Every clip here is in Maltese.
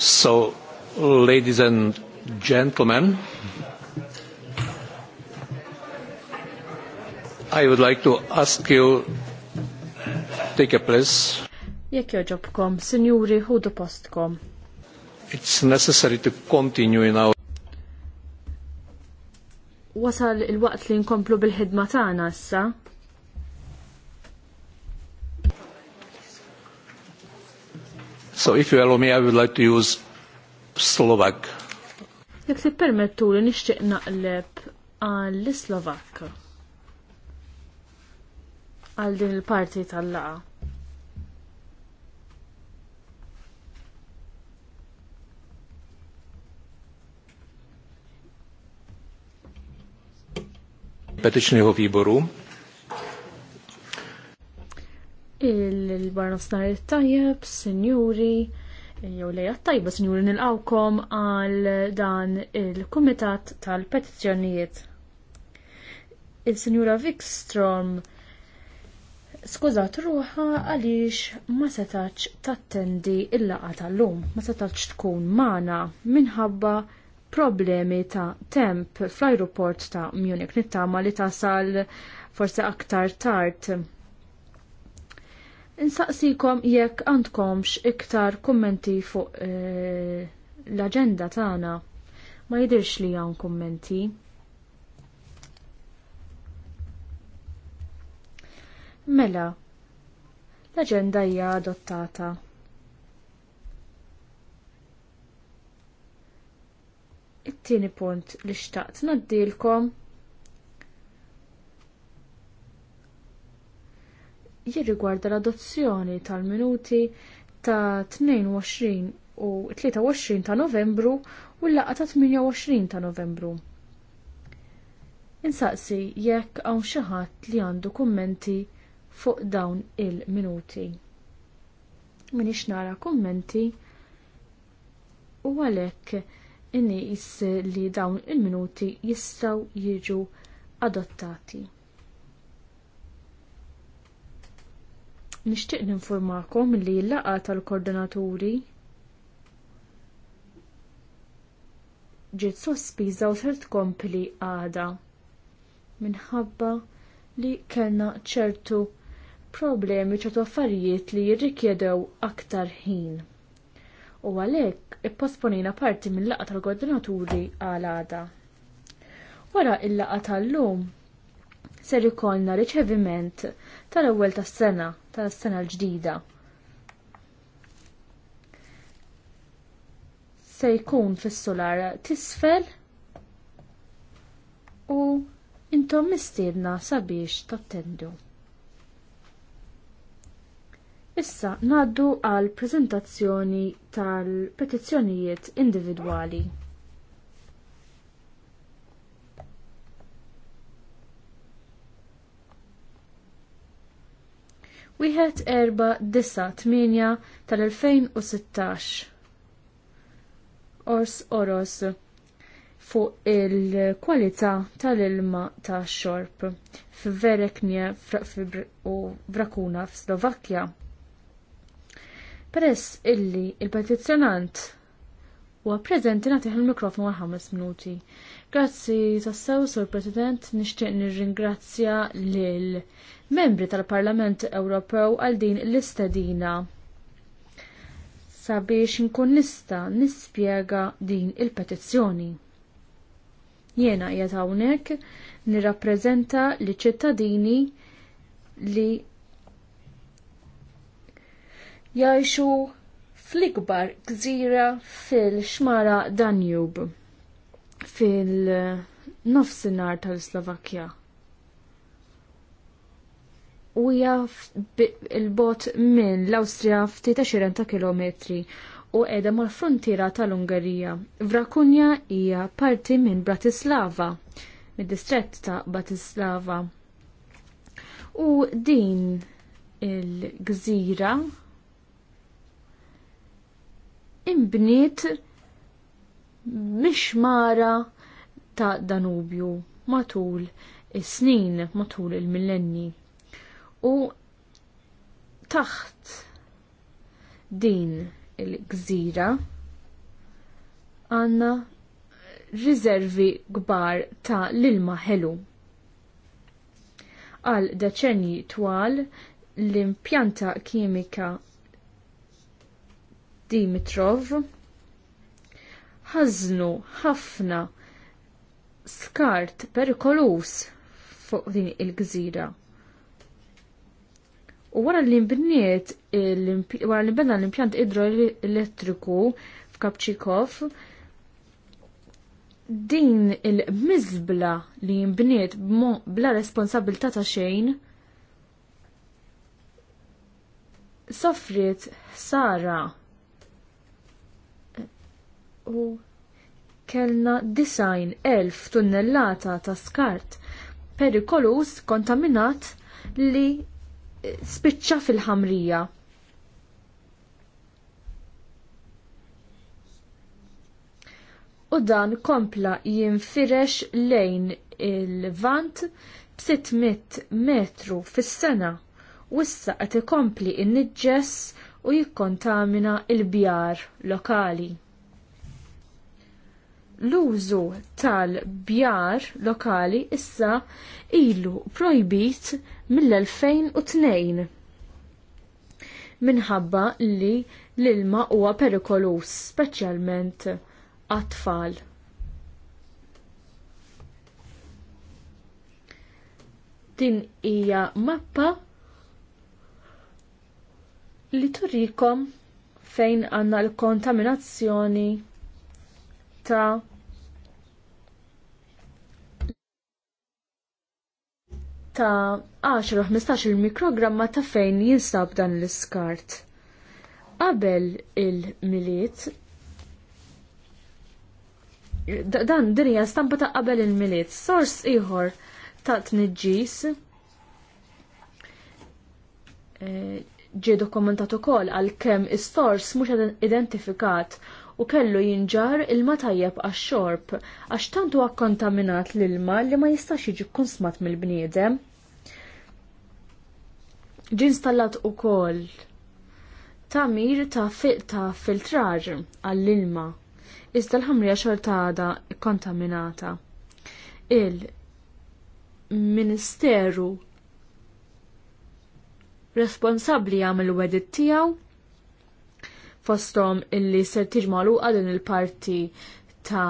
So, ladies and gentlemen, I would like to ask you take a place. Jekk joġobkom, sinjuri, ħudu postkom. It's necessary to continue in our Wasal il-waqt li nkomplu bil-ħidma tagħna issa. So if you allow me, I would like to use Slovak. Jek ti permettu li nixtieq naqleb għall-Slovak għal din il-parti tal-laqa. Petiċni hu výboru il-barnofsnar il-tajjeb, senjuri, jew lejja tajba senjuri nil-awkom għal dan il-Kumitat tal-Petizzjonijiet. Il-Senjura Vikstrom skużat ruħa għaliex ma setax tattendi il-laqa tal-lum, ma setax tkun mana minħabba problemi ta' temp fl ajruport ta' Munich nittama li tasal forse aktar tard Insaqsikom jekk għandkomx iktar kummenti fuq eh, l-agenda tagħna. Ma jidirx li hawn kummenti. Mela, l-agenda hija adottata. It-tieni punt li xtaqt naddilkom jirrigwarda l-adozzjoni tal-minuti ta' 22 u 23 ta' novembru u l-laqqa ta' 28 ta' novembru. Insaqsi jekk hawn xi ħadd li għandu kummenti fuq dawn il-minuti. Minix nara kummenti u għalhekk inniqis li dawn il-minuti jistgħu jiġu adottati. Nixtieq ninformakom li l-laqa tal-koordinaturi ġiet sospiża u ser tkompli għada minħabba li kellna ċertu problemi ċertu affarijiet li jirrikjedew aktar ħin. U għalhekk ipposponina parti mill laqgħa tal-koordinaturi għal għada. Wara il laqgħa tal-lum ser ikollna riċeviment tal-ewwel tas-sena, tas-sena l-ġdida. Se jkun fis-solar tisfel u intom mistiedna sabiex tattendu. Issa ngħaddu għal preżentazzjoni tal-petizzjonijiet individwali. 3-4-9 tal-2016. Ors Oros fuq il-kwalità tal-ilma tax xorb f'Vereknie u Vrakuna f'Slovakkja. Peress illi il-petizzjonant huwa preżenti nagħtih il-mikrofon għal 5 minuti. Grazzi tassew, Sur President, nixtieq nirringrazzja lil membri tal-Parlament Ewropew għal din l-istedina sabiex inkun nista nispjega din il-petizzjoni. Jiena qiegħed hawnhekk nirrappreżenta li ċittadini li jgħixu fl-ikbar gżira fil-xmara Danjub fil-nofsinhar tal-Slovakkja. U hija il-bot minn l-Awstrija ftit 20 ta' kilometri u qiegħda mal-frontiera tal-Ungerija. Vrakunja hija parti minn Bratislava, mid-distrett ta' Bratislava. U din il-gżira imbniet mara ta' Danubju matul is-snin matul il-millenni. U taħt din il-gżira għanna riservi kbar ta' l-ilma ħelu. Għal deċenji twal l-impjanta kimika Dimitrov ħaznu ħafna skart perikolus fuq din il-gżira. U wara li nbniet wara li nbena l-impjant idroelettriku f'Kapċikov, din il-mizbla li jimbniet bla responsabilta ta' xejn soffriet Sara u kellna design elf tunnellata ta' skart perikolus kontaminat li spiċċa fil-ħamrija. u dan kompla jinfirex lejn il-vant b metru fis-sena u issa qed ikompli n-niġġess u jikkontamina l bjar lokali l-użu tal-bjar lokali issa ilu projbit mill-2002 minħabba li l-ilma huwa perikolus, speċjalment għat-tfal. Din hija mappa li turikom fejn għanna l-kontaminazzjoni ta' ta' 10-15 mikrogramma ta' fejn jinsab dan l-iskart. Qabel il-miliet, dan dinja stampa ta' qabel il-miliet, sors iħor ta' tniġġis eh, ġie dokumentat ukoll għal kemm is-sors mhux identifikat u kellu jinġar ilma tajjeb għax-xorb għax tantu huwa kkontaminat l-ilma li ma jistax jiġi kunsmat mill-bniedem. Ġi installat ukoll kol ta' mir ta' filtrar għall-ilma. Iżda l-ħamrija xorta għada kontaminata. Il-Ministeru responsabli għamil għedit tijaw fostom illi ser tiġmalu għadin din il-parti ta'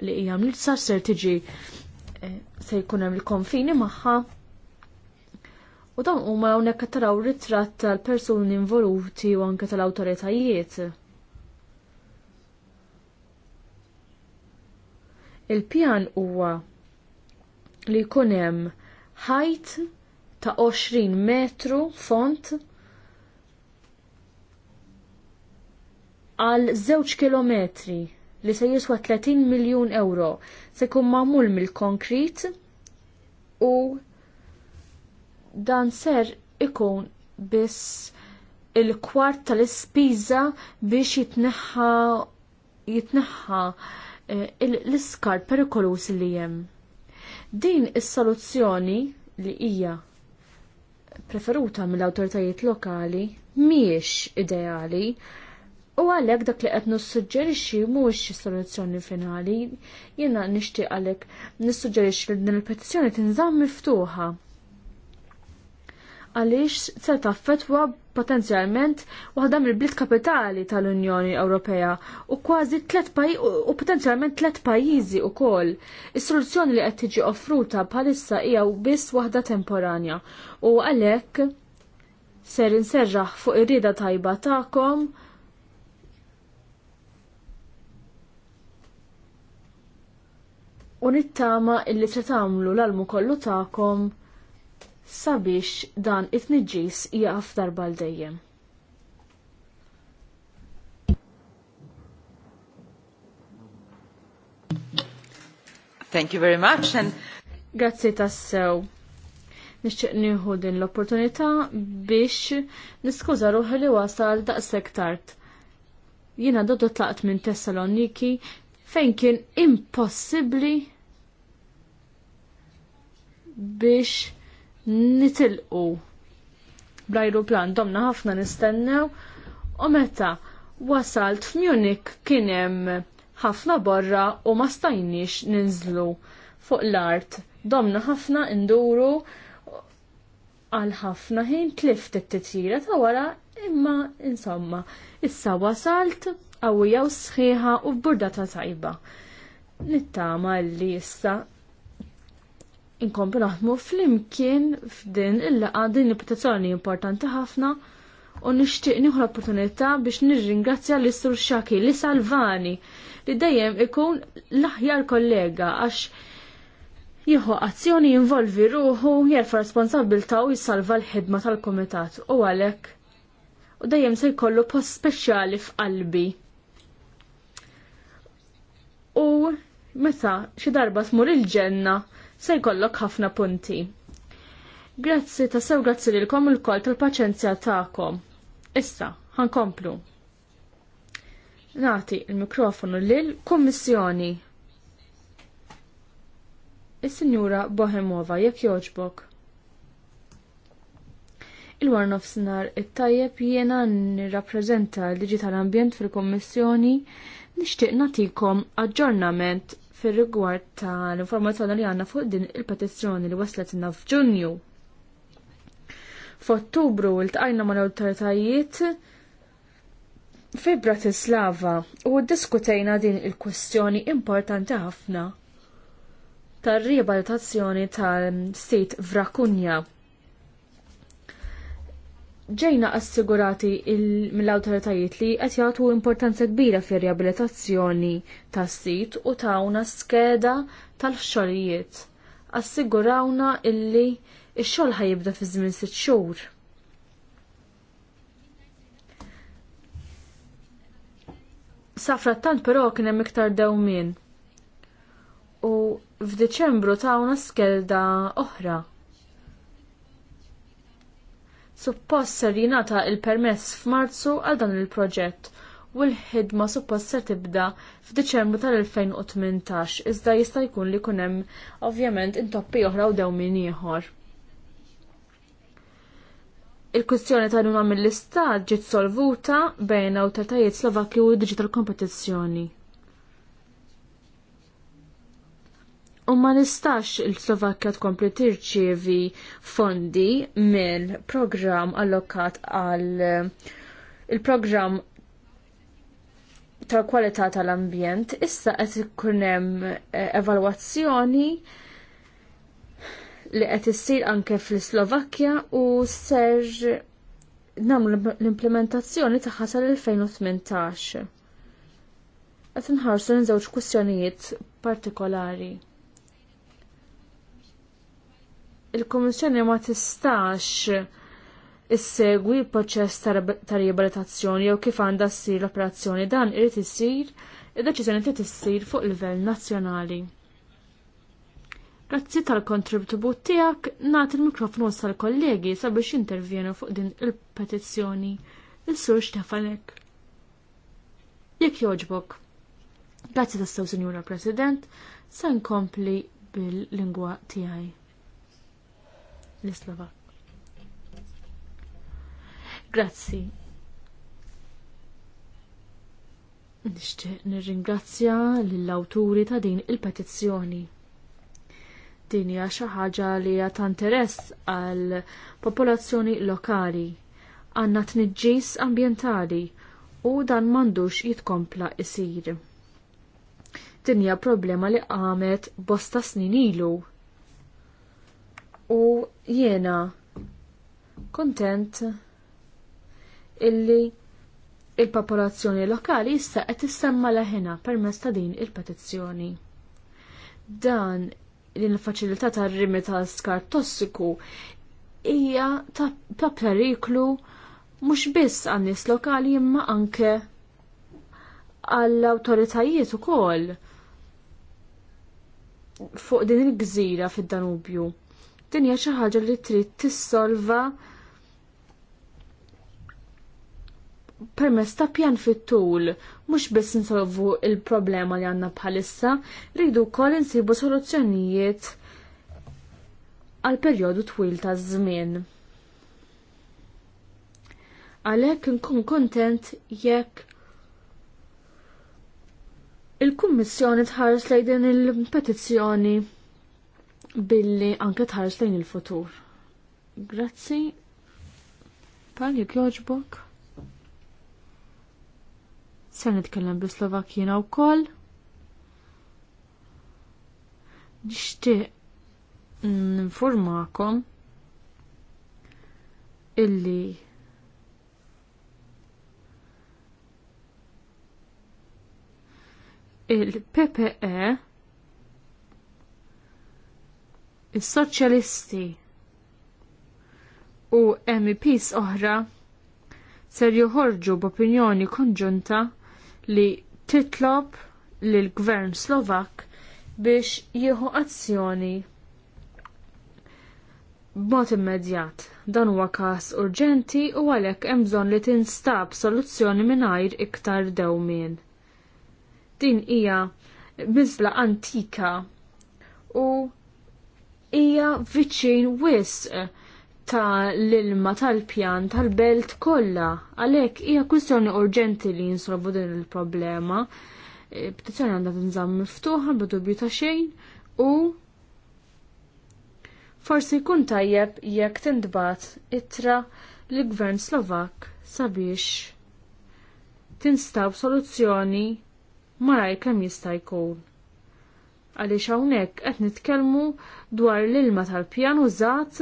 li hija mlitsa ser tiġi eh, se jkun hemm il-konfini magħha U dan huma hawnhekk qed taraw ritratt tal-persuni involuti u anke tal-awtoritajiet. Il-pjan huwa li jkun hemm ħajt ta' 20 metru font għal 2 kilometri li se jiswa 30 miljun euro se jkun magħmul mill-konkrit u dan ser ikun biss il-kwart tal-ispiża biex jitneħħa jitneħħa eh, l-iskar perikolus li hemm. Din is-soluzzjoni li hija preferuta mill-awtoritajiet lokali mhijiex ideali u għalhekk dak li qed nissuġġerixxi mhuwiex soluzzjoni finali, jiena nixtieq għalhekk nissuġġerixxi li din il-petizzjoni tinżamm miftuħa għaliex se taffetwa potenzjalment waħda mill-bliet kapitali tal-Unjoni Ewropea u kważi tlet u potenzjalment tlet pajjiżi wkoll. Is-soluzzjoni li qed tiġi offruta bħalissa hija biss waħda temporanja u għalhekk ser inserraħ fuq ir-rieda tajba tagħkom u nittama illi se tagħmlu l-almu kollu tagħkom sabiex dan it-nġis jaqaf darba l-dejjem. Thank you very much. And... Grazzi tassew. Nixtieq nieħu din l-opportunità biex niskuża ruħi li wasal daqshekk tard. Jiena dodu tlaqt minn Tessaloniki fejn kien impossibbli biex nitilqu bl-ajruplan domna ħafna nistennew u meta wasalt f'Munich kien hemm ħafna borra u ma stajniex ninżlu fuq l-art. Domna ħafna induru għal ħafna ħin tlift it-titjira ta' wara imma insomma issa wasalt qawwija u sħiħa u b'burda ta' tajba. Nittama li issa inkomplu naħdmu flimkien f'din il-laqa din l petizzjoni importanti ħafna u nixtieq nieħu l-opportunità biex nirringrazzja l sur Xaki li salvani li dejjem ikun l-aħjar kollega għax jieħu azzjoni jinvolvi ruħu jerfa ta' u jissalva l-ħidma tal-komitat u għalhekk u dejjem se jkollu post speċjali f'qalbi. U meta xi darba smur il-ġenna se jkollok ħafna punti. Grazzi ta' sew grazzi l-kom l-koll tal-paċenzja ta'kom. Issa, ħankomplu. Nati il-mikrofonu lil-Kommissjoni. Is-Sinjura Bohemova, jekk joġbok. Il-war nofsinar it-tajjeb jiena nirrappreżenta l-Digital Ambjent fil-Kommissjoni nixtieq natikom aġġornament fir rigward ta' l-informazzjoni li għanna fuq din il-petizzjoni li waslet inna f'Ġunju. F'Ottubru ma' mal awtoritajiet fi Bratislava u diskutejna din il-kwestjoni importanti ħafna tar-riabilitazzjoni tal sit Vrakunja ġejna assigurati mill-awtoritajiet li qed jagħtu importanza kbira fir-riabilitazzjoni tas-sit u tawna skeda tal-xogħlijiet. Assigurawna illi x-xogħol ħajibda fi żmien sitt xhur. Safrattant però kien hemm iktar dewmien. U f'Diċembru tawna skelda oħra suppost ser jingħata l permess f'Marzu għal dan il-proġett u l-ħidma suppost ser tibda f'Diċembru tal-2018 iżda jista' jkun li jkun hemm ovvjament intoppi oħra u dewmin ieħor. Il-kwistjoni ta' numa mill-istat ġiet solvuta bejn awtoritajiet Slovakki u Digital Kompetizzjoni. U ma nistax il-Slovakkja tkompli tirċievi fondi mill-programm allokat għal il-programm tal kwalità tal-ambjent. Issa qed ikun hemm eh, evalwazzjoni li qed issir anke fl-Slovakkja u ser nagħmlu l-implementazzjoni tagħha sal-2018. Qed inħarsu żewġ kwistjonijiet partikolari il-Kummissjoni ma tistax issegwi l-proċess ta' riabilitazzjoni jew kif għandha ssir l-operazzjoni dan irid issir id-deċiżjoni trid issir fuq livell nazzjonali. Grazzi tal-kontribut tiegħek nagħti l-mikrofonu sal-kollegi sabiex jintervjenu fuq din il-petizzjoni. Il-sur Stefanek. Jekk jogħġbok. Grazzi sew Sinjura President, se nkompli bil-lingwa tiegħi l-Slovak. Grazzi. Nixtieq nirringrazzja lill-awturi ta' din il-petizzjoni. Din hija xi ħaġa li hija ta' interess għal popolazzjoni lokali. Għandna tniġġis ambjentali u dan m'għandux jitkompla isir. Din hija problema li qamet bosta snin ilu u jiena kontent illi il-popolazzjoni lokali issa qed issemma leħina permezz ta' din il-petizzjoni. Dan l-faċilità tar-rimi tal skar tossiku hija ta' periklu mhux biss għan nies lokali imma anke għall-awtoritajiet ukoll fuq din il-gżira fid-Danubju. Dinja xi ħaġa li trid tissolva permess ta' pjan fit-tul, mhux biss insolvu il-problema li għandna bħalissa, rridu wkoll insibu soluzzjonijiet għal perjodu twil ta' żmien. Għalhekk nkun kontent jekk il-Kummissjoni tħares lejn din il-petizzjoni billi anke tħares lejn il-futur. Grazzi. Pal jek joġbok. nitkellem bi Slovakkina wkoll. Nixtieq informakom illi il-PPE is-soċjalisti u MEPs oħra ser joħorġu b'opinjoni konġunta li titlob lill gvern Slovak biex jieħu azzjoni b'mod immedjat. Dan huwa każ urġenti u għalhekk hemm bżonn li tinstab soluzzjoni mingħajr iktar dewmien. Din hija miżla antika u hija viċin wisq ta' l-ilma tal-pjan tal-belt kollha. Għalhekk hija kwistjoni urġenti li jinsolvu din il-problema. E, petizzjoni għandha tinżamm miftuħa bla dubju ta' xejn u forsi jkun tajjeb jekk tintbagħat ittra lill gvern Slovak sabiex tinstab soluzzjoni malaj kemm jista' jkun għaliex hawnhekk qed nitkellmu dwar l-ilma tal-pjan użat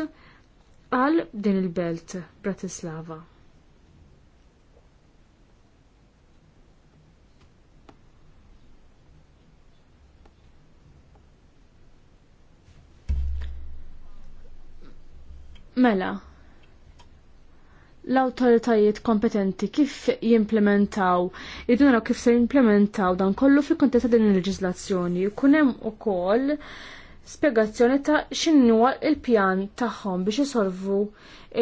għal din il-belt Bratislava. Mela, l-autoritajiet kompetenti kif jimplementaw, jiduna kif se jimplementaw dan kollu fil kontesta din il-leġislazzjoni. Kunem u koll spiegazzjoni ta' xinnuwa il-pjan tagħhom biex jisolvu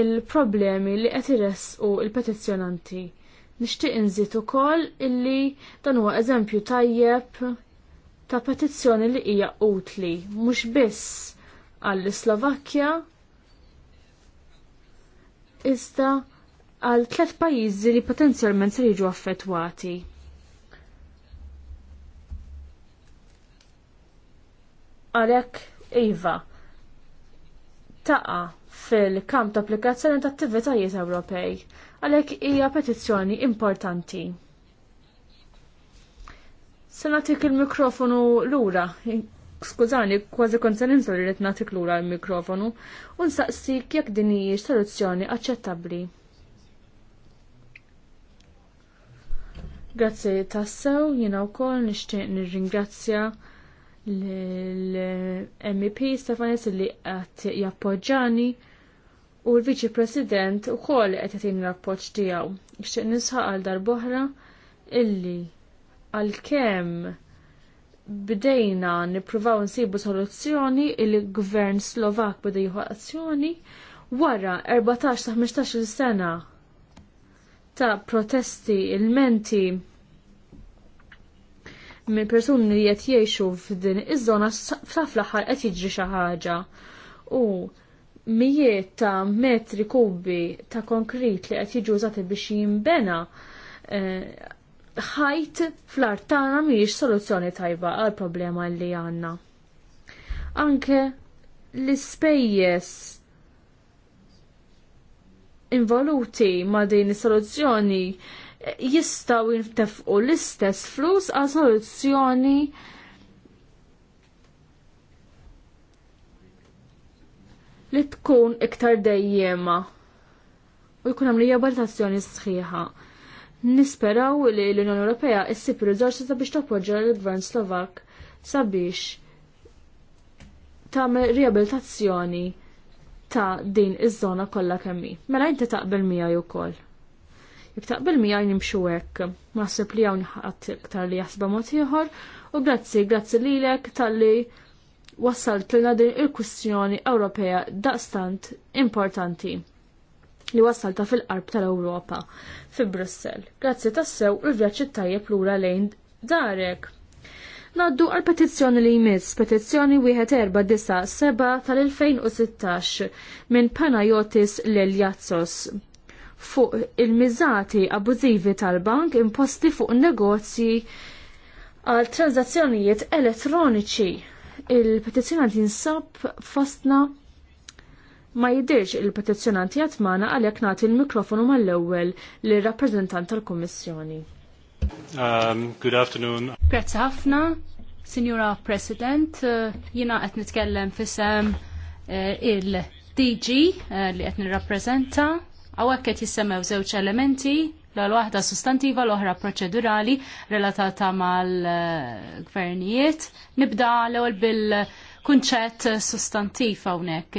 il-problemi li qed iressqu il-petizzjonanti. Nixtieq inżid ukoll illi dan huwa eżempju tajjeb ta' petizzjoni li hija utli mhux biss għall-Slovakkja iżda għal tlet pajjiżi li potenzjalment se jiġu affettwati. Għalhekk iva taqa fil-kamp ta' applikazzjoni ta' attivitajiet Ewropej, għalhekk hija petizzjoni importanti. Se nagħtik il-mikrofonu lura, skużani, kważi kont se ninżol li qed nagħtik lura l-mikrofonu, u nsaqsik jekk din hijiex soluzzjoni aċċettabbli. Grazzi tassew, jina u koll nishtiq nirringrazzja l-MEP Stefanis li għat jappoġġani u l-Viċi President u koll għat jatin l tijaw. Nishtiq nisħaq għal darboħra illi għal-kem bdejna nipruvaw nsibu soluzzjoni il-gvern Slovak bdejħu azzjoni wara 14-15 sena ta' protesti, il-menti minn persuni li qed jgħixu f'din iż-żona f'saf l-aħħar qed jiġri xi ħaġa. U mijiet ta' metri kubi ta' konkrit li qed jiġu użati biex jinbena eh, ħajt fl-art tagħna mhijiex soluzzjoni tajba għal problema li għandna. Anke l-ispejjeż involuti ma din is-soluzzjoni eh, jistaw jintefqu l-istess flus għal soluzzjoni li tkun iktar dejjema u jkun hemm riabilitazzjoni sħiħa. Nisperaw li l-Unjoni Ewropea issib riżorsi sabiex toppoġġa l-Gvern Slovak sabiex tagħmel riabilitazzjoni ta' din iż-żona kollha kemmi. Mela inti taqbel miegħi wkoll. Jekk taqbel miegħi nimxu hekk, naħseb li hawn ħadd iktar li jaħsba mod ieħor u grazzi, grazzi lilek talli wassalt lilna din il-kwistjoni Ewropea daqstant importanti li wassalta fil-qarb tal-Ewropa fi Brussell. Grazzi tassew u l-vjaġġ tajjeb lura lejn darek. Naddu għal petizzjoni li jmiss, petizzjoni 1497 tal-2016 minn Panajotis Leljazzos fuq il-miżati abużivi tal-bank imposti fuq negozji għal tranzazzjonijiet elettroniċi. il petizzjonant jinsab fostna ma jidirx il petizzjonant jatmana għal nagħti il-mikrofonu mal-ewwel lir rappreżentant tal-Kummissjoni. Um, good afternoon. Grazie ħafna, Signora President. Uh, jina qed nitkellem fisem uh, il-DG uh, li qed nirrappreżenta. Hawnhekk qed jissemmew żewġ elementi l-waħda sustantiva l-oħra proċedurali relatata mal-gvernijiet. Nibda l-ewwel bil- kunċett sustantiv hawnhekk.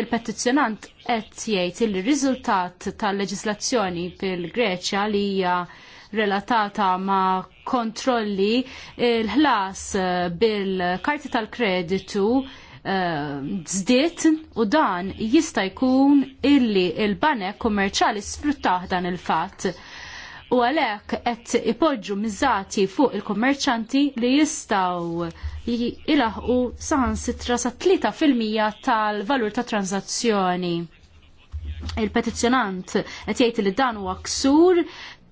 Il-petizzjonant qed jgħid li r-riżultat tal-leġislazzjoni fil-Greċja li hija uh, relatata ma' kontrolli il-ħlas eh, bil-karti tal-kreditu eh, zdiet u dan jista' jkun illi il-banek kummerċali sfruttaħ dan il-fatt. U għalhekk qed ipoġġu miżati fuq il-kummerċanti li jistgħu jilaħqu saħansitra sa 3% tal-valur ta' tranzazzjoni il-petizjonant qed jgħid li dan huwa ksur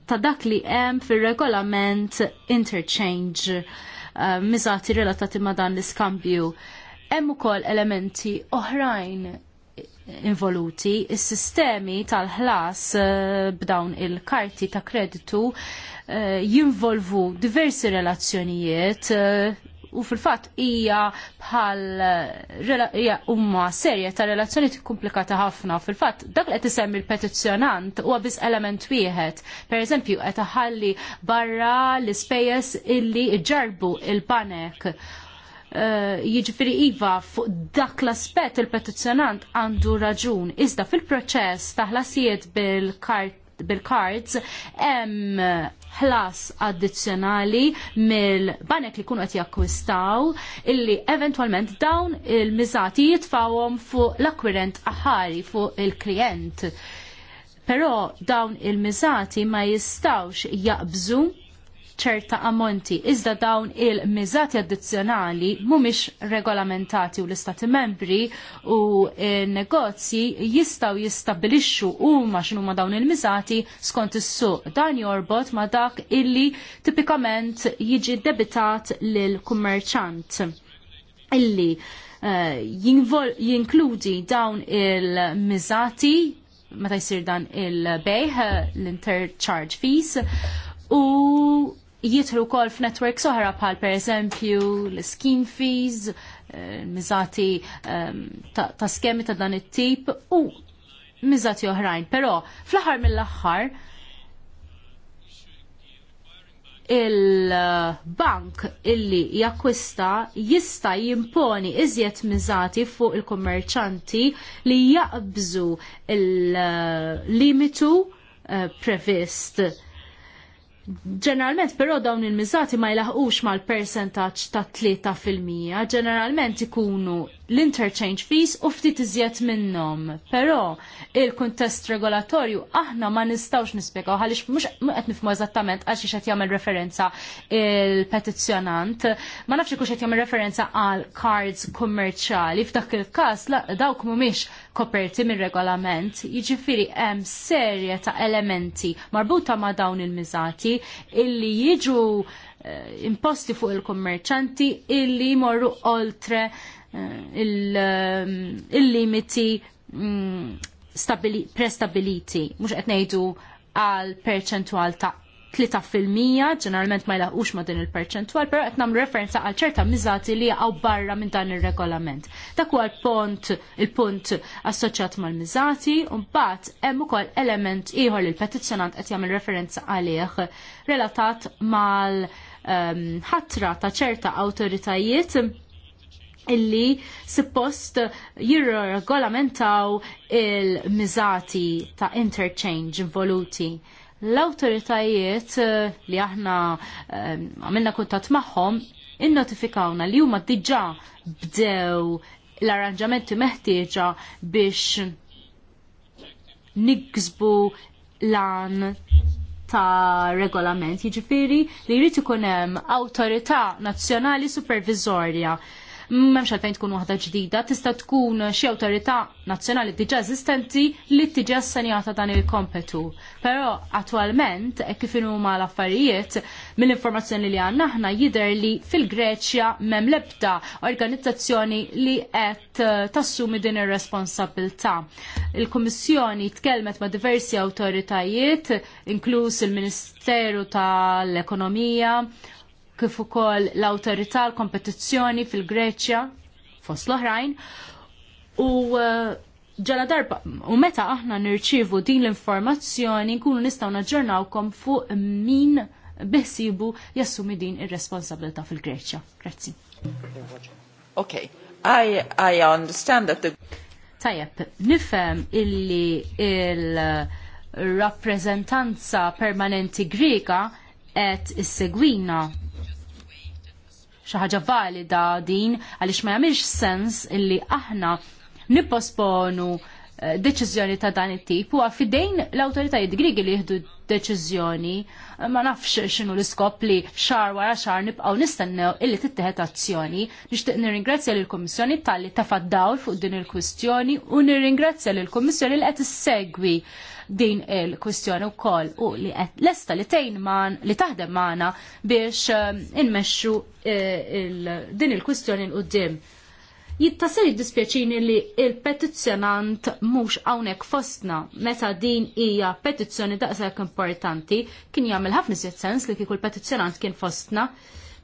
ta' dak li hemm fir-regolament interchange uh, miżati relatati ma' dan l-iskambju. Hemm ukoll elementi oħrajn involuti, is-sistemi tal-ħlas uh, b'dawn il-karti ta' kreditu uh, jinvolvu diversi relazzjonijiet u fil-fatt hija bħal umma serje ta' relazzjoni komplikata ħafna. Fil-fatt dak li qed isemmi l-petizzjonant huwa biss element wieħed. Pereżempju qed iħalli barra l-ispejjeż illi ġarbu il-panek. Eh, jiġifieri iva fuq dak l-aspett il-petizzjonant għandu raġun. Iżda fil-proċess ta' ħlasijiet bil-kart bil-cards hemm ħlas addizzjonali mill-banek li kunu qed jakkwistaw illi eventwalment dawn il-miżati jitfawhom fuq l-akwirent aħari fuq il-klient. Però dawn il-miżati ma jistawx jaqbżu ċerta ammonti, iżda dawn il-miżati addizzjonali mhumiex regolamentati u l-istati membri u negozji jistaw jistabilixxu huma ma dawn il-miżati skont is-suq. Dan jorbot ma dak illi tipikament jiġi debitat l kummerċant illi eh, jinkludi dawn il mizati meta jsir dan il-bejħ l-intercharge fees u jitru kol f-network soħra pal per eżempju l skin fees, eh, mizati ehm, ta' skemi ta' dan it-tip u mizati oħrajn. Pero fl-aħħar mill-aħħar il-bank illi jakwista jista jimponi iżjed miżati fuq il-kummerċanti li jaqbżu il-limitu eh, eh, previst Ġeneralment però dawn il-miżati ma jlaħqux mal-persentaġġ ta' 3 ġeneralment ikunu l-interchange fees u ftit iżjed minnhom. Però il-kuntest regolatorju aħna ma nistgħux nispjegaw għaliex mhux qed nifhmu eżattament għal xi qed jagħmel referenza il-petizzjonant. Ma nafx ikux qed jagħmel referenza għal cards kummerċjali f'dak il-każ dawk mhumiex koperti mir-regolament. Jiġifieri hemm serje ta' elementi marbuta ma' dawn il-miżati illi jiġu eh, imposti fuq il-kummerċanti illi morru oltre Eh, ehm, il-limiti mm, prestabiliti, mux etnejdu għal percentual ta' 3% ġeneralment ma jlaħqux ma din il-perċentwal, pero qed nagħmlu referenza għal ċerta miżati li jaqgħu barra minn dan ir-regolament. Dak huwa l-punt il-punt assoċjat mal-miżati, u mbagħad hemm ukoll element ieħor li l-petizzjonant qed jagħmel referenza għalih relatat mal ehm, ħatra ta' ċerta awtoritajiet illi suppost jirregolamentaw il-mizati ta' interchange involuti. L-autoritajiet eh, li aħna eh, għamilna um, kuntat maħħom innotifikawna li huma diġa bdew l-arranġamenti meħtieġa biex nigzbu lan ta' regolament, jiġifieri li jrid ikun hemm awtorità nazzjonali supervizorja m'hemmx għalfejn tkun waħda ġdida, tista' tkun xi awtorità nazzjonali diġa' eżistenti li tiġi assenjata dan il-kompetu. Però attualment, kifinu e kif l-affarijiet mill-informazzjoni li għandna ħna jidher li fil-Greċja m'hemm l-ebda organizzazzjoni li qed eh, tassumi din ir-responsabilità. Il-Kummissjoni tkellmet ma' diversi awtoritajiet, inklus il-Ministeru tal-Ekonomija, kif ukoll l-awtorità l-kompetizzjoni fil-Greċja fost l-oħrajn u eh, ġala darba u meta aħna nirċivu din l-informazzjoni nkunu nistgħu naġġornawkom fuq min biħsibu jassumi din ir-responsabilità fil-Greċja. Grazzi. Okay, I, I understand that the... Tajab, nifhem illi il-rappreżentanza permanenti Greka qed issegwina xi ħaġa valida din għaliex ma jagħmilx sens illi aħna nipposponu Eh, deċiżjoni ta' dan it-tip u għafidejn l-autoritajiet grigi li jihdu deċiżjoni eh, ma nafx xinu l-iskop li xar wara xar nibqaw nistennew illi tittieħed azzjoni. Nixtieq nirringrazzja l kummissjoni tal-li tafad dawl fuq din il-kwistjoni u nirringrazzja l kummissjoni li qed issegwi din il-kwistjoni wkoll u li qed lesta li tgħin man li taħdem magħna biex eh, inmexxu din il-kwistjoni l-qudiem. Jittasir jiddispjaċini li il-petizzjonant mhux hawnhekk fostna meta din hija petizzjoni daqshekk importanti kien jagħmel ħafna iżjed sens li kieku l-petizzjonant kien fostna.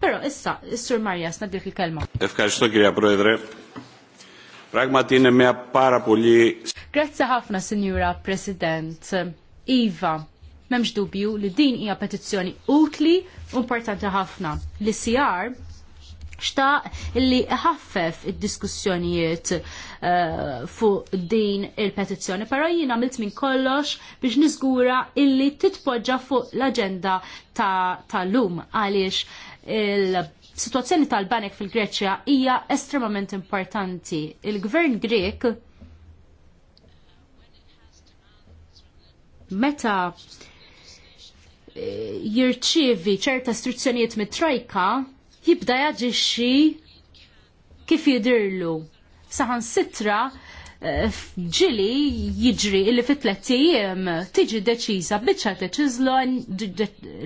Però issa, is-Sur Marjas nadilk il-kelma. Efkaġtu kirja Proedre. Pragmatin mea para pulli. Grazzi ħafna, Sinjura President. Iva, memx dubju li din hija petizzjoni utli u importanti ħafna. L-CR xtaq li ħaffef id-diskussjonijiet eh, fuq din il-petizzjoni. Però jien għamilt minn kollox biex niżgura illi titpoġġa fuq l-aġenda tal-lum għaliex il- Situazzjoni tal-banek fil-Greċja hija estremament importanti. Il-gvern Grek meta eh, jirċievi ċerta istruzzjonijiet mit-trojka jibda jaġixxi kif jidirlu. Saħan sitra ġili jiġri illi fit tlettijiem tiġi deċiża biċċa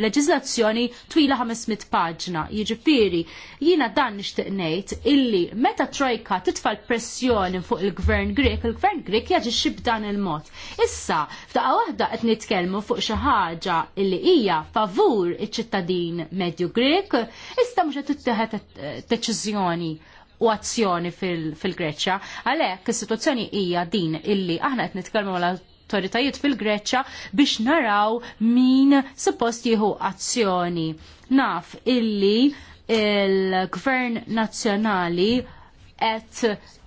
leġiżlazzjoni twila 500 paġna. Jiġifieri jiena dan nixtieq ngħid illi meta trojka titfal pressjoni fuq il-Gvern Grek, il-Gvern Grek jaġixxi b'dan il-mod. Issa, f'daqa waħda qed nitkellmu fuq xi ħaġa illi hija favur iċ-ċittadin medju Grek, issa mhux qed tittieħed deċiżjoni u azzjoni fil-Greċja. Għalhekk is-sitwazzjoni hija din illi aħna qed nitkellmu mal autoritajiet fil-Greċja biex naraw min suppost jieħu azzjoni. Naf illi il-Gvern Nazzjonali qed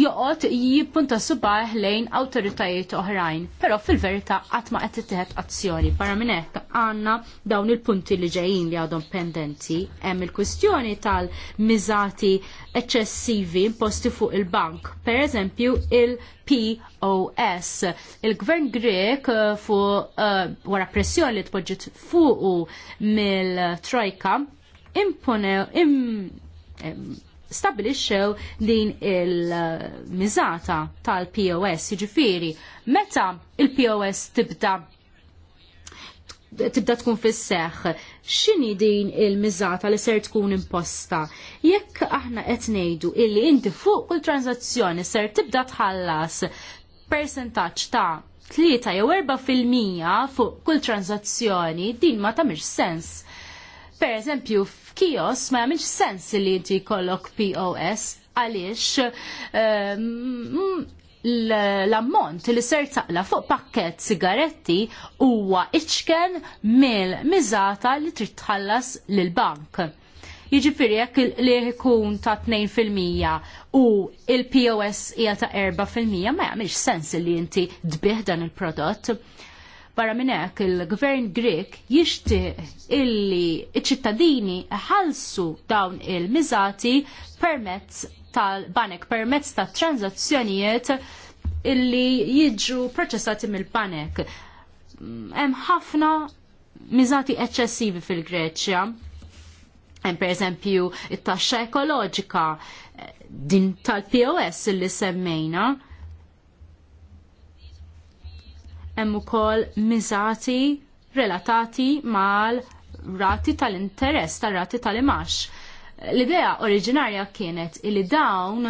joqgħod jippunta subaħ lejn awtoritajiet oħrajn, però fil-verità qatt ma qed tittieħed azzjoni. Barra minn hekk għandna dawn il-punti li ġejjin li għadhom pendenti hemm il-kwistjoni tal-miżati eċċessivi imposti fuq il-bank. pereżempju il-POS. Il-Gvern Grek eh, fuq uh, eh, wara pressjoni li tpoġġiet fuqu mill-Trojka impone im, im stabilixxew din il-miżata tal-POS, jiġifieri meta il-POS tibda tibda tkun fis-seħħ, x'inhi din il-miżata li ser tkun imposta? Jekk aħna qed ngħidu illi inti fuq kull tranzazzjoni ser tibda tħallas percentaġġ ta' 3 jew 4 fil-mija fuq kull tranzazzjoni din ma tagħmilx sens Per eżempju, f'kios ma jagħmilx sens li inti jkollok POS għaliex ehm, l-ammont li ser taqla fuq pakket sigaretti huwa iċken mill-miżata li trid tħallas lil bank. Jiġifieri jekk li jkun ta' 2% u il-POS hija ta' 4% ma jagħmilx sens li inti tbieħ dan il-prodott. Barra minn hekk il-gvern Grek jishti illi iċ-ċittadini ħalsu dawn il mizati permezz tal-banek, permezz ta' tranzazzjonijiet illi jiġu proċessati mill-banek. Hemm ħafna miżati eċċessivi fil-Greċja. Hemm pereżempju it-taxxa ekoloġika din tal-POS illi semmejna hemm ukoll miżati relatati mal rati tal-interess tar rati tal-imax. L-idea oriġinarja kienet li dawn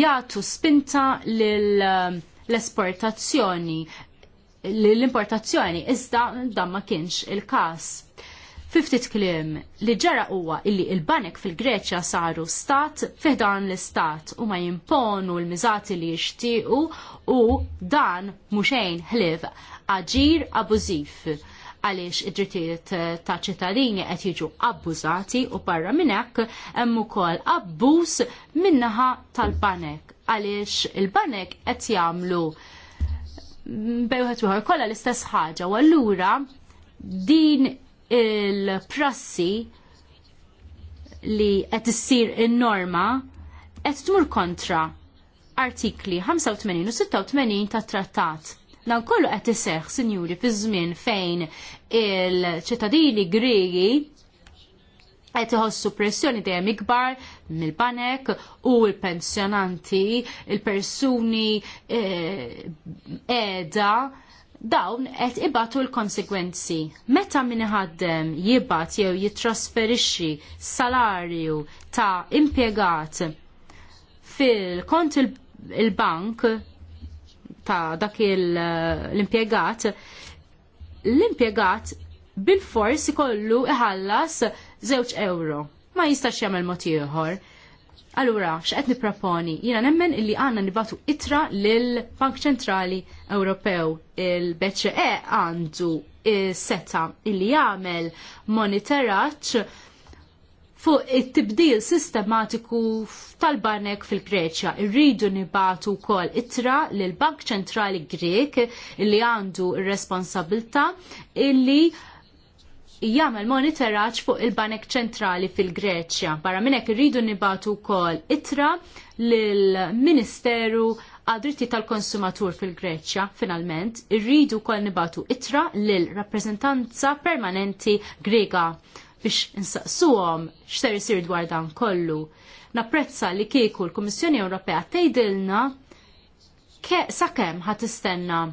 jagħtu spinta um, l-esportazzjoni l-importazzjoni iżda dan ma kienx il-każ. Fiftit kliem li ġara huwa illi il-banek fil-Greċja saru stat fiħdan l-istat u ma jimponu l-miżati li jixtiequ u dan muxejn ħliv aġir abużiv għaliex id-drittijiet ta' ċittadini qed jiġu abbużati u barra minn hekk hemm ukoll abbuż min-naħa tal-banek għaliex il-banek qed jagħmlu bewħet wieħed kollha l-istess ħaġa u allura din il-prassi li qed issir in-norma qed tmur kontra artikli 85 u 86 tat trattat. Dan kollu qed iseħħ, sinjuri, fi żmien fejn il-ċittadini Griegi qed iħossu pressjoni dejjem ikbar mill-banek u l-pensjonanti, il-persuni eh, qiegħda dawn qed ibatu l-konsekwenzi. Meta min iħaddem jibat jew jitrasferixxi salarju ta' impjegat fil-kont il-bank ta' dak l-impjegat, l-impjegat bil-fors ikollu iħallas żewġ euro. Ma jistax jagħmel mod ieħor Allura, xaqet niproponi, jina nemmen illi għanna nibatu itra l-Bank Ċentrali Ewropew. Il-BCE għandu seta illi jagħmel monitoraċ fuq it-tibdil sistematiku tal-banek fil-Greċja. Irridu nibatu kol itra l-Bank Ċentrali Grek illi għandu responsabilta illi jagħmel monitoraġġ fuq il-Banek Ċentrali fil-Greċja. Barra minn hekk irridu nibatu wkoll itra lill-Ministeru għadritti tal-konsumatur fil-Greċja, finalment, irridu kol nibatu itra l-rappresentanza permanenti grega biex insaqsuhom x'ter isir dwar dan kollu. Napprezza li kieku l-Kummissjoni Ewropea tgħidilna sakemm ħat istenna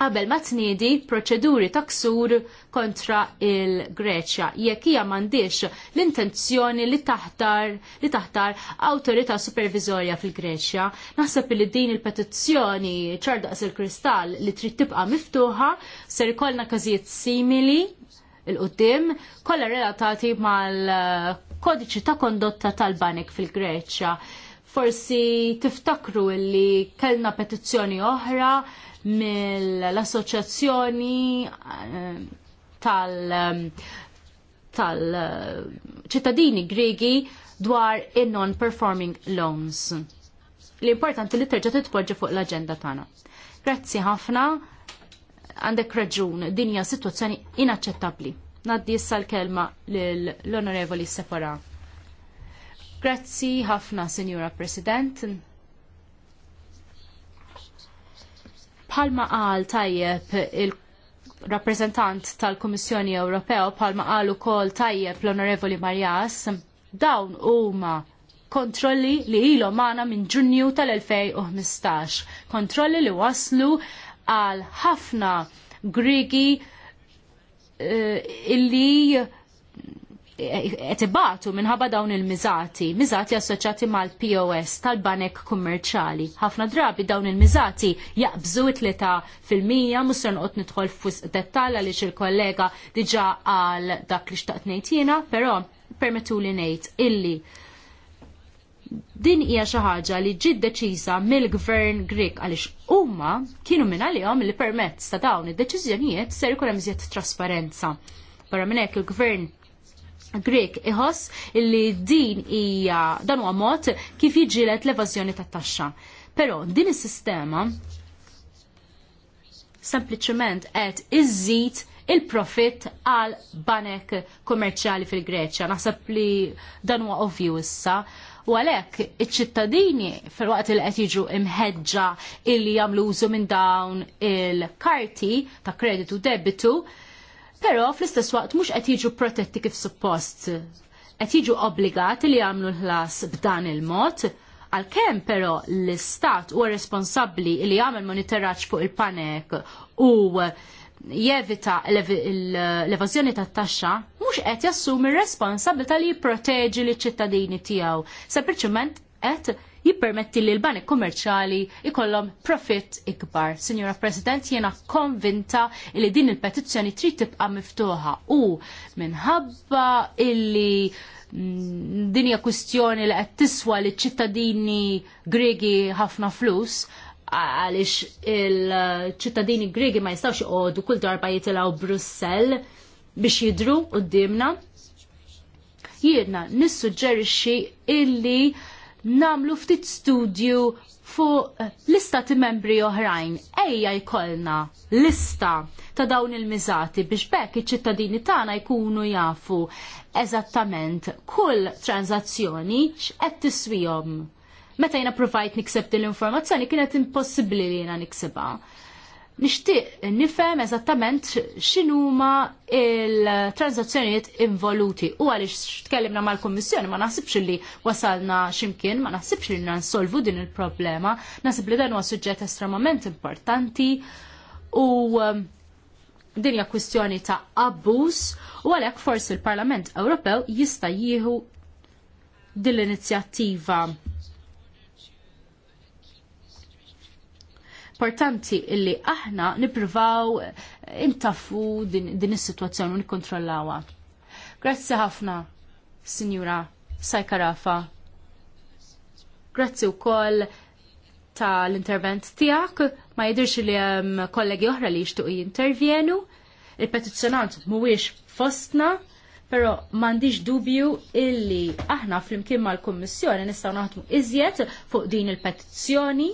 qabel ma tniedi proċeduri ta' ksur kontra il-Greċja jekk hija m'għandix l-intenzjoni li taħtar li taħtar awtorità supervizorja fil-Greċja. Naħseb li din il-petizzjoni ċardaqs il-kristall li trid tibqa' miftuħa ser ikollna każijiet simili il-qudiem kollha relatati mal-kodiċi ta' kondotta tal-banek fil-Greċja Forsi tiftakru li kellna petizzjoni oħra mill-assoċjazzjoni eh, tal- tal-ċittadini Griegi dwar in-non-performing loans. L-importanti li terġa' titpoġġi fuq l-aġenda tagħna. Grazzi ħafna għandek raġun, din hija sitwazzjoni inaċċettabbli. Naddi issa l-kelma l-Onorevoli Separa. Grazzi ħafna, Sinjura President. Palma qal tajjeb il rappreżentant tal-Kummissjoni Ewropew palma qal ukoll tajjeb l-Onorevoli Marjas, dawn huma kontrolli li ilhom magħna minn Ġunju tal-2015. Kontrolli li waslu għal ħafna Grigi uh, eh, illi etibatu ibatu minħabba dawn il-miżati, miżati assoċjati mal-POS tal-banek kummerċali. Ħafna drabi dawn il-miżati jaqbżu it leta fil-mija, musser noqgħod nidħol fuq dettall għaliex il-kollega diġà għal dak li xtaqt ngħid jiena, però permettu li ngħid illi din hija xi ħaġa li ġiet deċiża mill-Gvern Grek għaliex huma kienu minn għalihom li permezz ta' dawn id-deċiżjonijiet ser ikun hemm trasparenza. Barra minn hekk il-Gvern Grek iħoss illi din hija dan huwa mod kif jiġilet l-evażjoni tat-taxxa. Però din is-sistema sempliċement qed iżid il-profit għal banek kommerċjali fil-Greċja. Naħseb li dan huwa ovvju issa. U għalhekk iċ-ċittadini fil-waqt li qed jiġu imħeġġa illi jagħmlu użu minn dawn il-karti ta' kreditu debitu, però fl-istess waqt mhux qed jiġu protetti kif suppost. Qed jiġu obbligati li jagħmlu l-ħlas b'dan il-mod, għalkemm però l-istat huwa responsabbli li jagħmel monitoraġġ fuq il-panek u jevita l-evażjoni tat-taxxa mhux qed jassumi r-responsabilità li jipproteġi liċ-ċittadini tiegħu. Sempliċement qed jippermetti li l-banek kommerċali ikollhom profit ikbar. Signora President, jiena konvinta li din il-petizzjoni trid tibqa' miftuħa u minħabba illi mm, dinja kwistjoni li qed tiswa li ċittadini Gregi ħafna flus, għaliex il-ċittadini Gregi ma jistawx iqogħdu kull darba jitilgħu Brussell biex jidru qudiemna. Jiena nissuġġerixxi illi namlu ftit studju fuq ti membri oħrajn. Ejja jkollna lista ta' dawn il-miżati biex bekk iċ-ċittadini tagħna jkunu jafu eżattament kull tranzazzjoni x'qed tiswihom. Meta jiena provajt nikseb din l-informazzjoni kienet impossibbli li jiena niksibha nixtieq nifhem eżattament x'inhuma il-transazzjonijiet involuti u għaliex tkellimna mal-Kummissjoni ma naħsibx li wasalna x'imkien, ma naħsibx li nansolvu din il-problema, naħseb li dan huwa suġġett estremament importanti u um, din hija kwistjoni ta' abbuż u għalhekk forsi l-Parlament Ewropew jista' jieħu din l-inizjattiva importanti illi aħna nippruvaw eh, intaffu din, din is-sitwazzjoni u nikkontrollawha. Grazzi ħafna, Sinjura Sajkarafa. Grazzi wkoll tal-intervent tiegħek, ma jidirx li hemm kollegi oħra li jixtuq jintervjenu. Il-petizzjonant mhuwiex fostna, pero m'għandix dubju illi aħna flimkien mal-Kummissjoni nistgħu naħdmu iżjed fuq din il-petizzjoni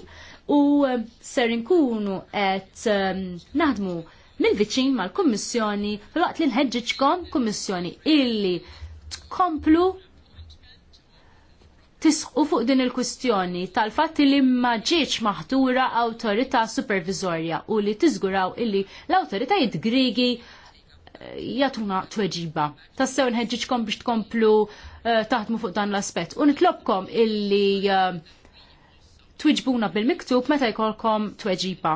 u eh, ser inkunu qed eh, naħdmu mill-viċin mal-Kummissjoni fil-waqt li nħeġġiġkom Kummissjoni illi tkomplu tisqu fuq din il-kwistjoni tal-fatt li ma ġietx maħtura awtorità supervizorja u li tiżguraw illi l-awtoritajiet Grigi eh, jatuna tweġiba. Tassew nħedġiċkom biex tkomplu taħdmu fuq dan l-aspet. U nitlobkom illi twiġbuna bil-miktub meta jkolkom tweġiba.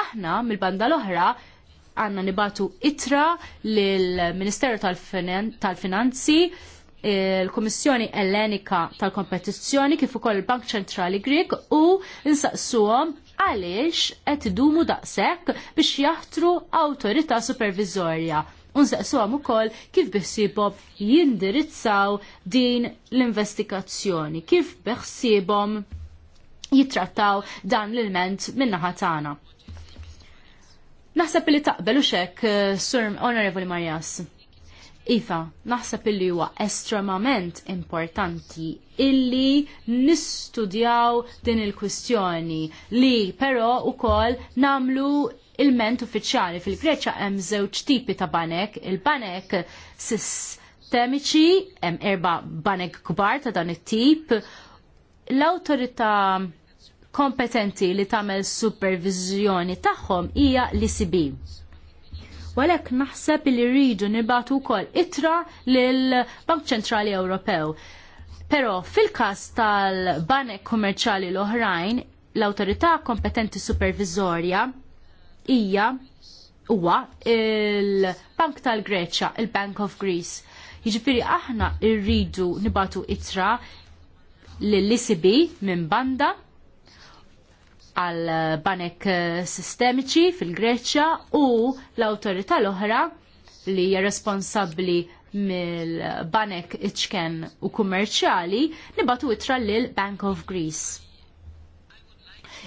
Aħna mill-banda l-oħra għanna nibatu itra lill-Ministeru tal-Finanzi il-Komissjoni Ellenika tal-Kompetizzjoni kif ukoll il-Bank Ċentrali Grik u nsaqsuhom għaliex qed idumu daqshekk biex jaħtru awtorità supervizorja. Unsaqsuhom ukoll kif biħsiebhom jindirizzaw din l-investigazzjoni, kif biħsiebhom jittrattaw dan l-ilment minnaħa tagħna. Naħseb li taqbelu xek, eh, Sur Honorable Marias. Iva, naħseb illi huwa estremament importanti illi nistudjaw din il-kwistjoni li però ukoll namlu il-ment uffiċjali fil-Greċa hemm żewġ tipi ta' banek, il-banek sistemiċi hemm erba' banek kbar ta' dan it-tip l-autorità kompetenti li tagħmel supervizjoni tagħhom hija l-ICB. Walek naħseb li rridu nibatu wkoll itra lill-Bank Ċentrali Ewropew. Però fil-każ tal-banek kummerċali l-oħrajn, l-autorità kompetenti supervizorja hija huwa il-Bank tal-Greċja, il-Bank of Greece. Jiġifieri aħna rridu nibatu itra l-ICB minn banda għal banek eh, sistemiċi fil-Greċja u l-autorità l-oħra li hija responsabbli mill-banek iċken u kummerċjali nibatu itra lil Bank of Greece.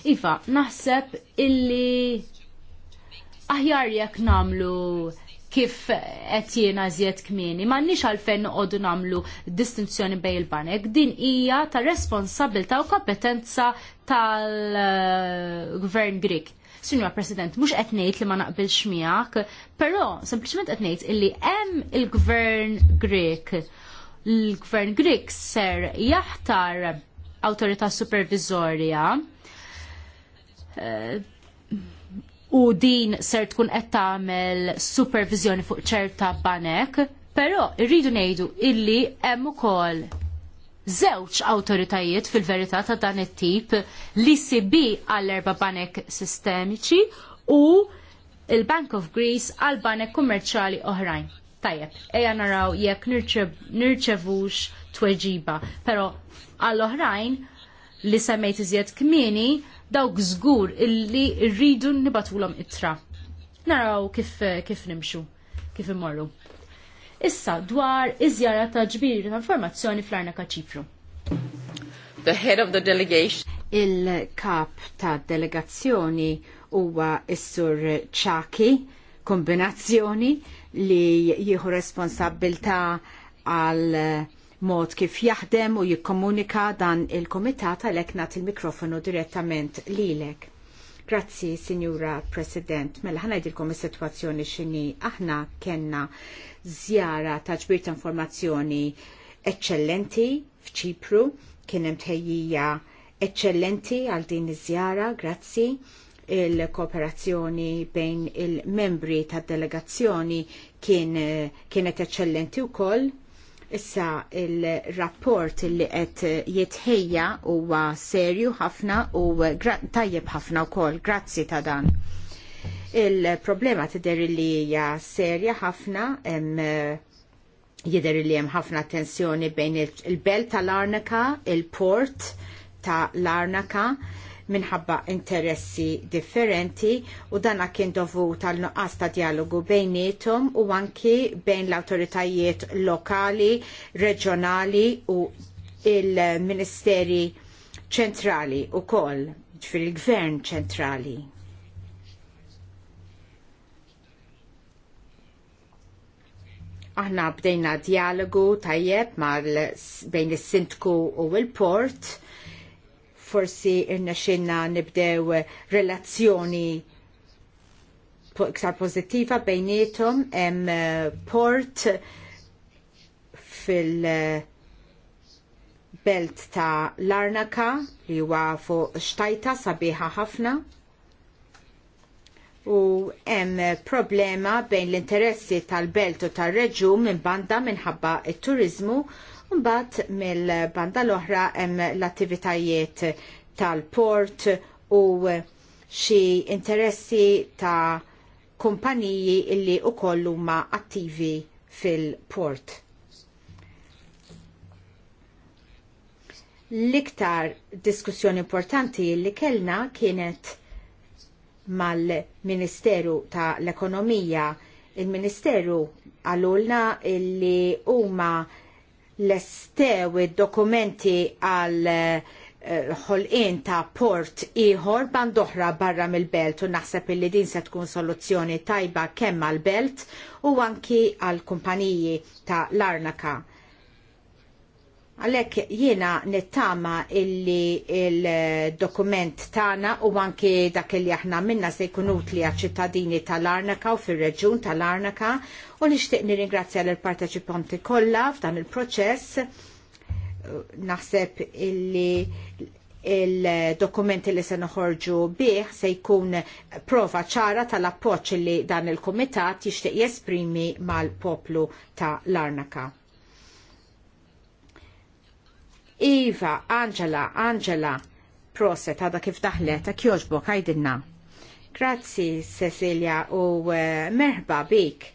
Iva, naħseb illi aħjar jekk namlu kif qed jiena żjed kmieni. M'għandniex għalfejn noqogħdu nagħmlu distinzjoni bejn il-banek. Din hija ta' responsabilta u kompetenza tal-Gvern Grik. Sinjora President, mhux qed ngħid li ma naqbilx miegħek, però sempliċement qed ngħid illi hemm il-Gvern Grek. Il-Gvern Grek ser jaħtar awtorità supervizorja eh, u din ser tkun qed tagħmel supervizjoni fuq ċerta banek, però rridu ngħidu illi hemm ukoll żewġ awtoritajiet fil-verità ta' dan it-tip li sibi għall-erba' banek sistemiċi u il-Bank of Greece għal banek kummerċjali oħrajn. Tajjeb, eja naraw jekk nirċevux tweġiba, pero għall-oħrajn li semmejt iżjed kmieni dawk żgur illi rridu nibatulhom ittra. Naraw kif, kif nimxu, kif immorru. Issa dwar iżjara ta' ġbir ta' informazzjoni fl-Arnaka Ċipru. The head of the delegation. Il-kap ta' delegazzjoni huwa s sur ċaki kombinazzjoni li jieħu responsabilta għal mod kif jaħdem u jikkomunika dan il-komitat għalhekk nat il-mikrofonu direttament lilek. Grazzi, Signora President. Mela ħana jdilkom is-sitwazzjoni xini. aħna kenna żjara ta' ġbir ta' informazzjoni eċċellenti f'Ċipru, kien hemm tħejjija eċċellenti għal din iż-żjara, grazzi il-kooperazzjoni bejn il-membri tad delegazzjoni kien, kienet eccellenti u koll Issa il-rapport li qed jitħejja huwa serju ħafna u tajjeb ħafna wkoll. Grazzi ta' dan. Il-problema tidher li hija serja ħafna hemm jidher li hemm ħafna tensjoni bejn il-belt tal-Arnaka, il-port ta' Larnaka, il minħabba interessi differenti u dana kien dovut għal nuqqas ta' dialogu bejnietom u anki bejn l-autoritajiet lokali, reġjonali u il-ministeri ċentrali u koll, fil-gvern ċentrali. aħna bdejna dialogu tajjeb mal bejn is-sintku u l-port forsi xinna nibdew relazzjoni iktar pozittiva bejnietom hemm eh, port fil eh, belt ta' Larnaka li huwa fuq xtajta sabiħa ħafna u hemm eh, problema bejn l-interessi tal-belt u tar-reġjun minn banda minħabba t turiżmu Mbagħad mill-banda l-oħra hemm l-attivitajiet tal-port u xi interessi ta' kumpaniji illi wkoll huma attivi fil-port. l-iktar diskussjoni importanti li kellna kienet mal-Ministeru ta' l-Ekonomija. Il-Ministeru għalulna li huma l-estew id-dokumenti għal eh, ħolqien ta' port ieħor bandoħra barra mill-belt u naħseb illi din se tkun soluzzjoni tajba kemm għall belt u anki għall kumpaniji ta' l-arnaka. Għalek jiena nittama illi il-dokument tana u anke dak li aħna minna se jkun utli għal-ċittadini tal-Arnaka u fil-reġun tal-Arnaka u nixtieq nirringrazzja l-parteċipanti kollha f'dan il-proċess. Naħseb illi il-dokumenti li se noħorġu bih se jkun prova ċara tal-appoċ li dan il-komitat jixtieq jesprimi mal-poplu ta' l-Arnaka. Iva, Angela, Angela, proset għada kif daħlet, ta' kjoġbok għajdinna. Grazzi, Cecilia, u eh, merħba bik.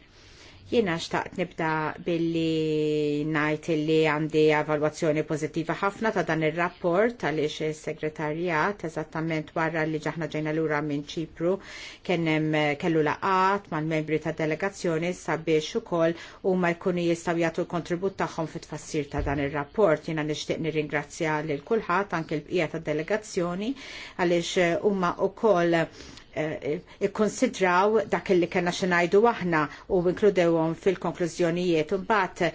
Jiena xtaqt nibda billi najt li għandi evalwazzjoni pozittiva ħafna ta' dan ir-rapport għaliex is-segretarjat eżattament wara li ġaħna ġejna lura minn Ċipru kien kellu laqat mal-membri ta' delegazzjoni sabiex ukoll huma jkunu jistgħu jagħtu l-kontribut tagħhom fit fassir ta' dan ir-rapport. Jiena nixtieq nirringrazzja lil kulħadd anke l-bqija tad-delegazzjoni għaliex huma wkoll Eh, ikkonsidraw dak li kena xinajdu aħna u inkludewhom fil-konklużjonijiet u mbagħad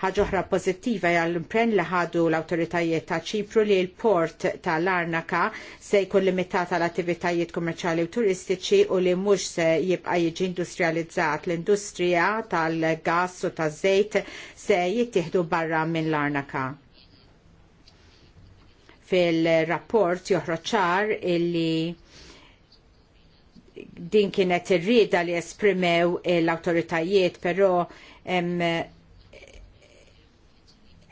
ħaġa oħra pożittiva għall-impren li ħadu l-awtoritajiet ta' Ċipru li l-port tal-Arnaka se jkun limitat għall attivitajiet kummerċali u turistiċi u li mhux se jibqa' jiġi industrializzat l-industrija tal-gass u taż-żejt se jittieħdu barra minn l-Arnaka fil-rapport joħroċ ċar illi din kienet ir-rieda li esprimew l-awtoritajiet, però hemm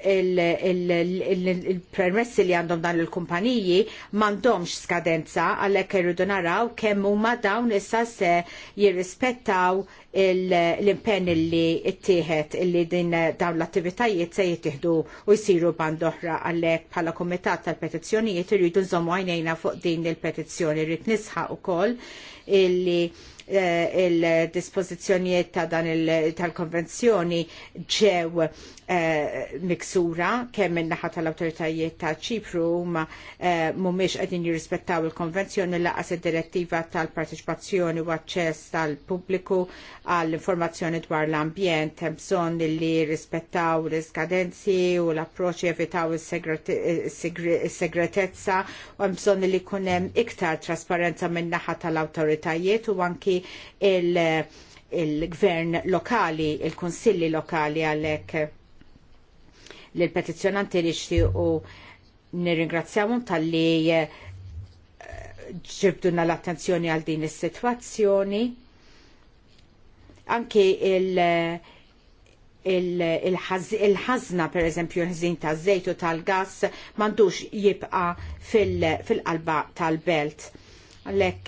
il premessi li għandhom dan il-kumpaniji mandomx skadenza għallek irridu naraw kemm huma dawn issa se jirrispettaw l-impenn li ittieħed illi din dawn l-attivitajiet se jittieħdu u jsiru band oħra għallek bħala kumitat tal-petizzjonijiet irridu nżommu għajnejna fuq din il-petizzjoni rrid nisħaq ukoll illi Eh, il-dispozizjonijiet ta' dan il konvenzjoni ġew eh, miksura kemm min-naħa tal-awtoritajiet ta' ċipru ma eh, mhumiex qegħdin jirrispettaw il-konvenzjoni laqas id-direttiva tal-parteċipazzjoni u aċċess tal-pubbliku għall-informazzjoni dwar l-ambjent hemm bżonn li jirrispettaw l-iskadenzi u l-approċċ jevitaw is-segretezza u hemm bżonn li jkun hemm iktar trasparenza min-naħa tal-awtoritajiet u anki il il- il-gvern lokali, il-konsilli lokali għalek l-petizjonanti li xtiqu nirringrazzjawum tal-li eh, ġibduna l-attenzjoni għal din is-sitwazzjoni. Anki il- il-ħazna per eżempju ħżin ta' zejt u tal-gas mandux jibqa fil-qalba tal-belt. Għalek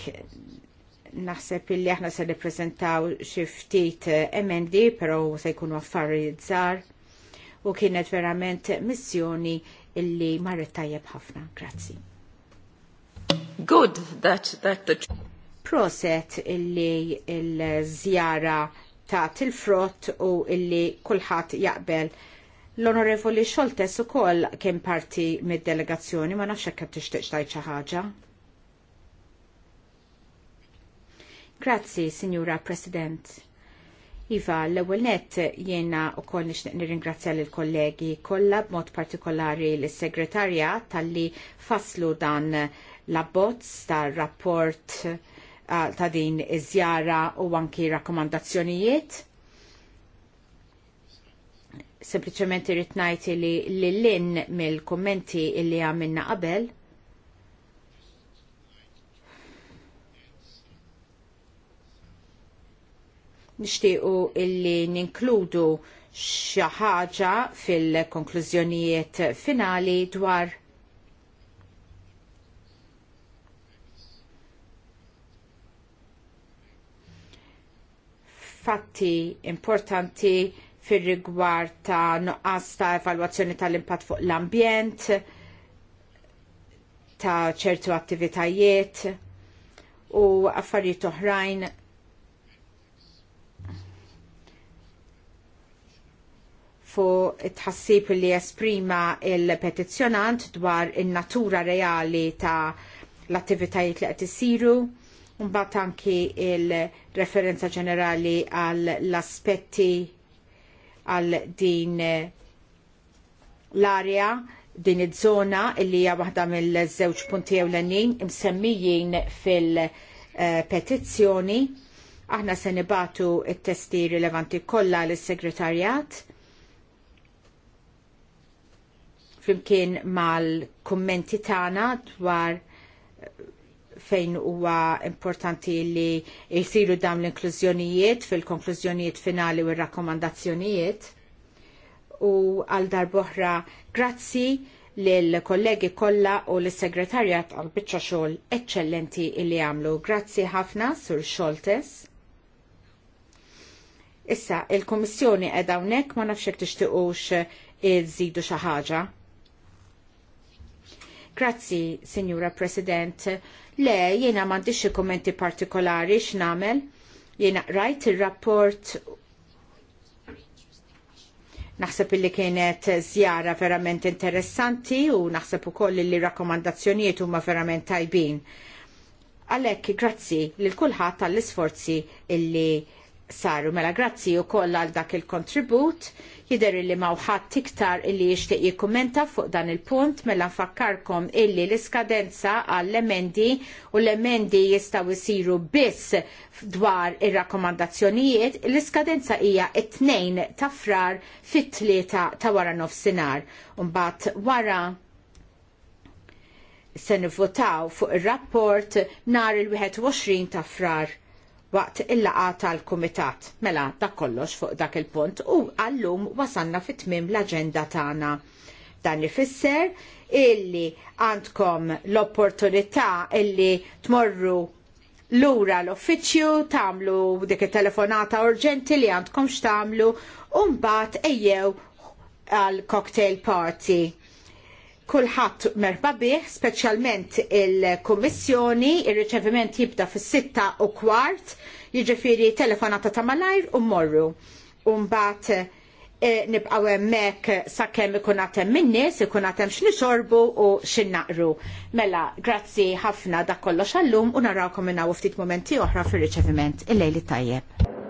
naħseb illi aħna se nippreżentaw xi ftit eh, emendi, però se jkunu affarijiet żgħar u kienet verament missjoni illi marret tajjeb ħafna. Grazzi. Good that that the proset illi l-żjara ta' til-frott u illi kulħadd jaqbel l-Onorevoli Xoltes ukoll kien parti mid-delegazzjoni ma nafx hekk tixtieq tgħid xi ħaġa. Grazzi, Signora President. Iva, l ewwel nett jiena wkoll nixtieq nirringrazzja lill kollegi kollha b'mod partikolari lis segretarja talli faslu dan l-abbozz tar rapport ta' din iż-żjara u anki rakkomandazzjonijiet. Sempliċement irrid ngħid li l-lin mill-kummenti li għamilna qabel nixtiequ illi ninkludu xi ħaġa fil-konklużjonijiet finali dwar fatti importanti fir-rigward ta' nuqqas ta' evalwazzjoni tal-impatt fuq l-ambjent, ta' ċertu attivitajiet u affarijiet oħrajn fuq it-tħassib li esprima il-petizzjonant dwar in-natura reali ta' l-attivitajiet li qed isiru, mbagħad anki il-referenza ġenerali għal l-aspetti għal din l-area din iż-żona li hija waħda mill-żewġ punti ewlenin imsemmijin fil-petizzjoni. Aħna se nibatu t testi rilevanti kollha lis segretarjat flimkien mal-kummenti tagħna dwar fejn huwa importanti li jsiru dawn l-inklużjonijiet fil-konklużjonijiet finali u r-rakkomandazzjonijiet. U għal darboħra grazzi lill-kollegi kollha u l-segretarjat għal biċċa xogħol eċċellenti li għamlu. Grazzi ħafna sur Xoltes. Issa, il-Komissjoni edha hawnhekk ma nafx jekk tixtiequx iżidu xi ħaġa. Grazzi, Signora President. Le, jiena m'għandix kommenti partikolari x'namel. Jiena rajt il-rapport Naħseb illi kienet zjara verament interessanti u naħseb ukoll li rakkomandazzjonijiet huma verament tajbin. Għalhekk grazzi lil kulħadd għall-isforzi illi saru. Mela grazzi u koll għal dak il-kontribut. Jideri li mawħat iktar illi jishtiq jikkumenta fuq dan il-punt mela nfakkarkom illi l-iskadenza għall-emendi u l-emendi jistaw jsiru biss dwar ir-rakkomandazzjonijiet, l-iskadenza hija it-tnejn ta' frar fit-tlieta ta' wara nofsinhar. Mbagħad wara se nivvotaw fuq ir-rapport il nar il-21 ta' frar waqt il-laqa tal-Kumitat. Mela, dak kollox fuq dak il-punt u għallum wasanna fit-tmim l-agenda tagħna. Dan ifisser illi għandkom l-opportunità illi tmorru lura l-uffiċju, tagħmlu dik it-telefonata urġenti li għandkom x'tagħmlu u mbagħad ejjew għal cocktail party kulħadd merba bih, speċjalment il-Kummissjoni, il riċeviment jibda fis-sitta u kwart, jiġifieri telefonata ta' malajr u morru. Umbat e, eh, nibqgħu hemmhekk sakemm ikun għad hemm in-nies, ikun għad hemm u Mela, grazzi ħafna dak kollox għallum u narawkom minn ftit momenti oħra fir-riċeviment il-lejli tajjeb.